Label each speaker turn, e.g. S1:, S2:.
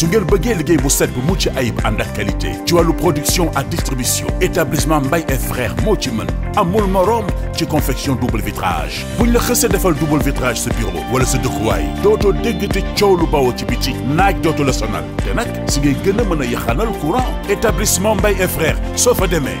S1: su ngeen bëggee liggéey bu set bu ci ayib ànd ak qualité ci wàllu production ak distribution établissement mbay et frères moo ci mën amul morom ci confection double vitrage ñu la xësee defal double vitrage sa bureau wala sa dëkkuwaay dootoo dégg te coow lu bawoo ci biti naaj dootu la sonal te nag si ngay gën a mën a yaxanal courant établissement Mbaye et frères soo fa demee